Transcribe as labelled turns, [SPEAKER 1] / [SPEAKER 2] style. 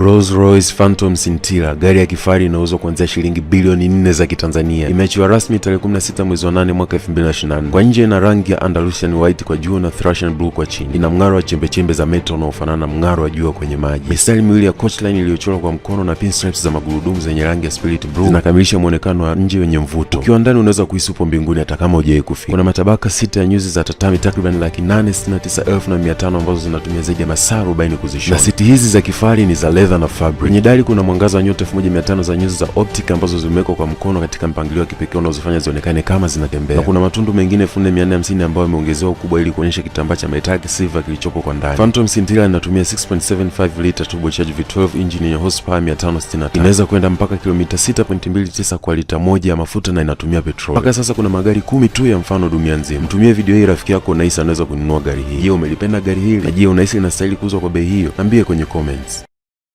[SPEAKER 1] Rolls Royce Phantom Sintila, gari ya kifahari inauzwa kuanzia shilingi bilioni 4 za Kitanzania. Imeachiwa rasmi tarehe 16 mwezi wa 8 mwaka 2024. Kwa nje ina rangi ya Andalusian white kwa juu na Thracian blue kwa chini. Ina mng'aro wa chembechembe za metal unaofanana na mng'aro wa jua kwenye maji. Mistari miwili ya coachline iliyochorwa kwa mkono na pinstripes za magurudumu zenye rangi ya spirit blue zinakamilisha muonekano wa nje wenye mvuto. Ukiwa ndani unaweza kuhisi upo mbinguni hata kama hujawahi kufika. Kuna matabaka sita ya nyuzi za tatami takriban laki nane sitini na tisa elfu na mia tano ambazo zinatumia zaidi ya masaa 40 kuzishona, na siti hizi za kifahari ni za fedha na fabric. Kwenye dari kuna mwangaza wa nyota 1500 za nyuzi za optic ambazo zimewekwa kwa mkono katika mpangilio wa kipekee unaozifanya zionekane kama zinatembea, na kuna matundu mengine 450 ambayo yameongezewa ukubwa ili kuonyesha kitambaa cha metallic silver kilichopo kwa ndani. Phantom Scintilla inatumia 6.75 lita charge V12 engine yenye horsepower 565 inaweza kwenda mpaka kilomita 6.29 kwa lita moja ya mafuta na inatumia petroli. Mpaka sasa kuna magari kumi tu ya mfano dunia nzima. Mtumie video hii rafiki yako unahisi anaweza kununua gari hii. Je, umelipenda gari hili? Na je, unahisi linastahili kuuzwa kwa bei hiyo? Niambie kwenye comments.